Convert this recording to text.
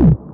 you